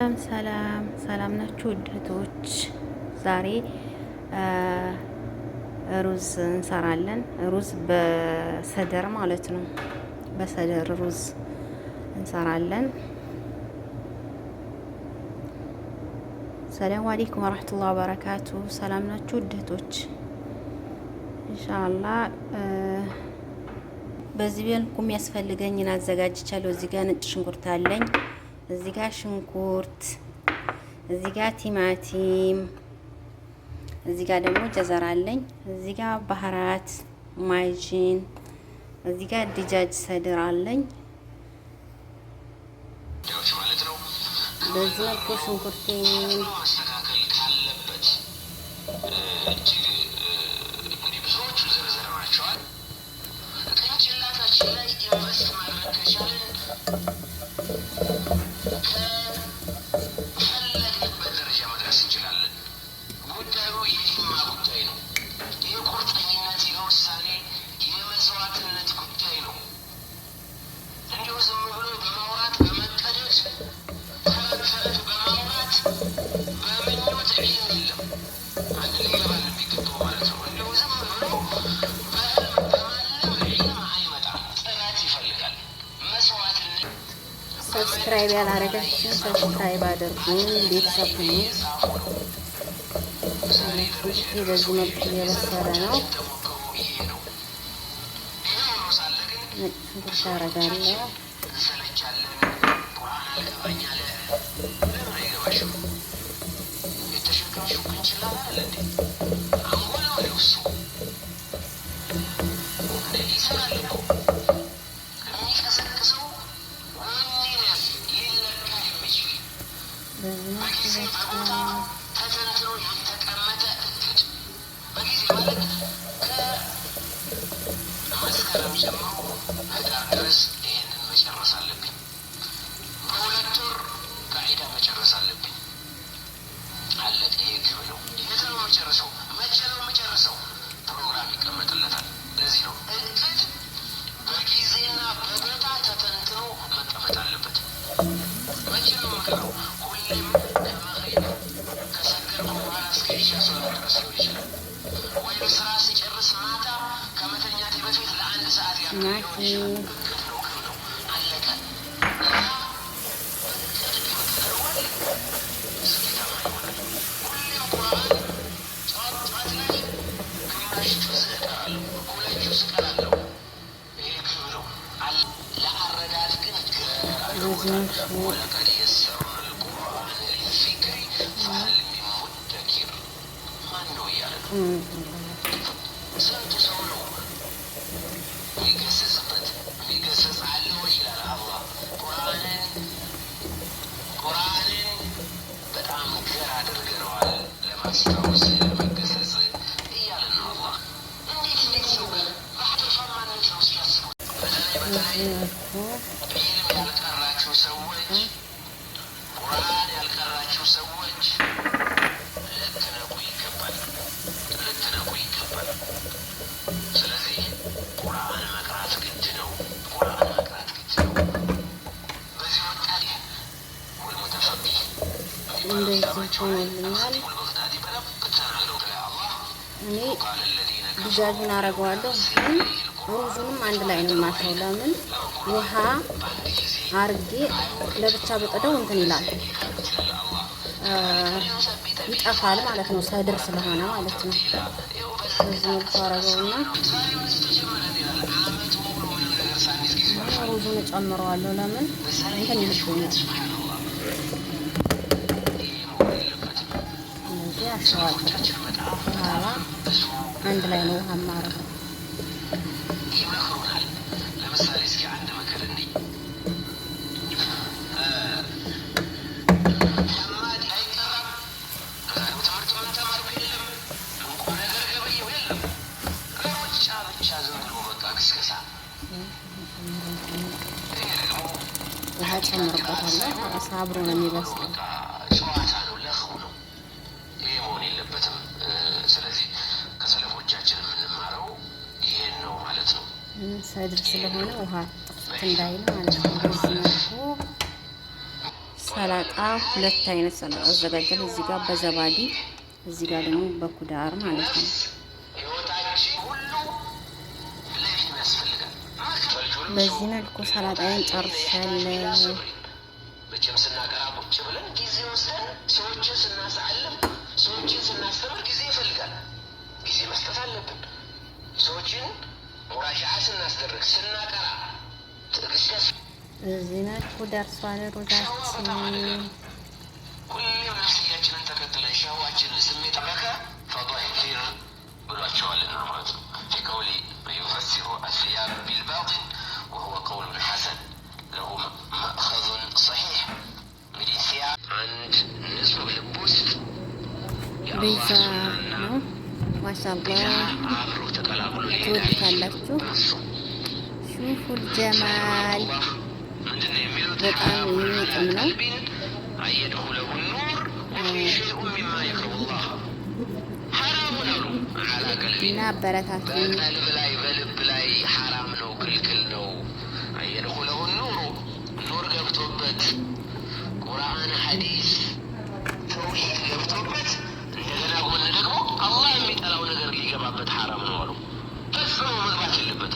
ሰላም ሰላም ሰላም ናችሁ እህቶች፣ ዛሬ ሩዝ እንሰራለን። ሩዝ በሰደር ማለት ነው። በሰደር ሩዝ እንሰራለን። ሰላም አለይኩም ወራህመቱላሂ ወበረካቱ። ሰላም ናችሁ ውደቶች ኢንሻአላ በዚህ መልኩ የሚያስፈልገኝን አዘጋጅቻለሁ። እዚህ ጋር ነጭ ሽንኩርት አለኝ እዚህ ጋር ሽንኩርት፣ እዚህ ጋር ቲማቲም፣ እዚህ ጋር ደግሞ ጀዘራ አለኝ። እዚህ ጋር ባህራት ማይጂን፣ እዚህ ጋር ድጃጅ ሰድር አለኝ። በዚህ መልኩ ሽንኩርቴን Thank you. Thank you. ሰብስክራይብ ያላረጋችሁ ሰብስክራይብ አድርጉ፣ ቤተሰብ ሁኑ። በዚህ መልኩ እየበሰለ ነው። ሽንኩርት አረጋለሁ። ተቸንችሮ የተቀመጠ እንግድ በጊዜ ማለት ከመስከረም ጀምሮ ህዳር ድረስ ይህንን መጨረስ አለብኝ። በሁለት ወር ቃዒዳ መጨረስ አለብኝ። አለቀ። ይሄ ግብ ነው። የት ነው የምጨርሰው? መቼ ነው የምጨርሰው? ፕሮግራም ይቀመጥለታል። ለዚህ ነው እቅድ በጊዜና በቦታ ተተንትኖ መቀመጥ አለበት። መቼ ነው የምቀረው? ሁሌም ናሂ በተለይ ፊልም ያልቀራችሁ ሰዎች፣ ቁርአን ያልቀራችሁ ሰዎች ልትነቁ ይገባል፣ ልትነቁ ይገባል። ስለዚህ ቁርአን መቅራት ግድ ነው። ቁርአን መቅራት ግድ ነው። በዚህ ወጣት ወልሙተፈቢህ ሚባሉታማቸውልናል እኔ ብዛቱን አረገዋለሁ ሩዙንም አንድ ላይ ነው የማሸው። ለምን ውሃ አርጌ ለብቻ በቀደው እንትን ይላል ይጠፋል ማለት ነው፣ ሰድር ስለሆነ ማለት ነው። በዚህ መልኩ አረገውና ሩዙን እጨምረዋለሁ። ለምን እንትን ይልብኛል። እነዚህ አሸዋለሁ። በኋላ አንድ ላይ ነው ውሃ ማረገው አሳ አብሮ ነው የሚበስለው። ጨዋታ ነው፣ ለኸው ነው። ይሄ መሆን የለበትም። ስለዚህ ከሰለፎቻችን የምንማረው ይሄን ነው ማለት ነው። ሰድር ስለሆነ ውሃ ጥፍት እንዳይል ማለት ነው። ሰላጣ ሁለት አይነት ሰላጣ አዘጋጃለሁ። እዚህ ጋር በዘባዲ እዚህ ጋር ደግሞ በኩዳር ማለት ነው። በዚህ መልኩ ሰላጣዬን ጨርሻለሁ። መቼም ስናቀራ ቁጭ ብለን ጊዜ ወስደን ሰዎችን ስናሳልም ሰዎችን ስናስተምር ጊዜ ይፈልጋል። ጊዜ መስጠት አለብን። ሰዎችን ሙራሻዓ ስናስደርግ ስናቀራ ትዕግስት እዚህ ናችሁ ደርሷል ሮዛችን። ቤዛ ነው። ማሻአላ ትወዱታላችሁ። ሹፉል ጀማል በጣም የሚጥም ነው። እና አበረታቱ ቁርአን ሐዲስ ተውሂድ ገብቶበት አላህ የሚጠላው ነገር ሊገባበት ሐራም ነው አሉ። ፈጽሞ መግባት የለበት።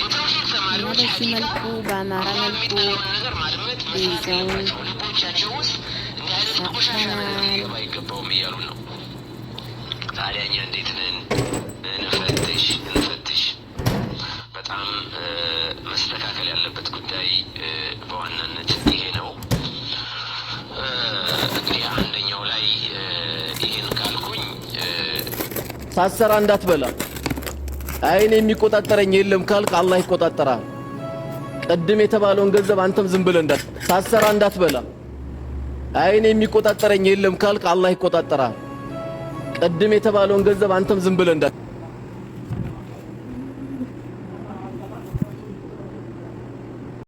የተውሂድ ተማሪዎች መልኩ በአማራ መልኩ ነገር ማድመጥ መሳሳቸው ልቦቻቸው ውስጥ እንዲህ አይነት ቆሻሻ ነገር ሊገባ አይገባውም እያሉ ነው። ታዲያ እኛ እንዴት ነን? እንፈትሽ እንፈትሽ። በጣም መስተካከል ያለበት ሳሰራ እንዳትበላ። አይን የሚቆጣጠረኝ የለም ካልክ አላህ ይቆጣጠራል። ቅድም የተባለውን ገንዘብ አንተም ዝም ብለህ እንዳት ሳሰራ እንዳትበላ። አይን የሚቆጣጠረኝ የለም ካልክ አላህ ይቆጣጠራል። ቅድም የተባለውን ገንዘብ አንተም ዝም ብለህ እንዳት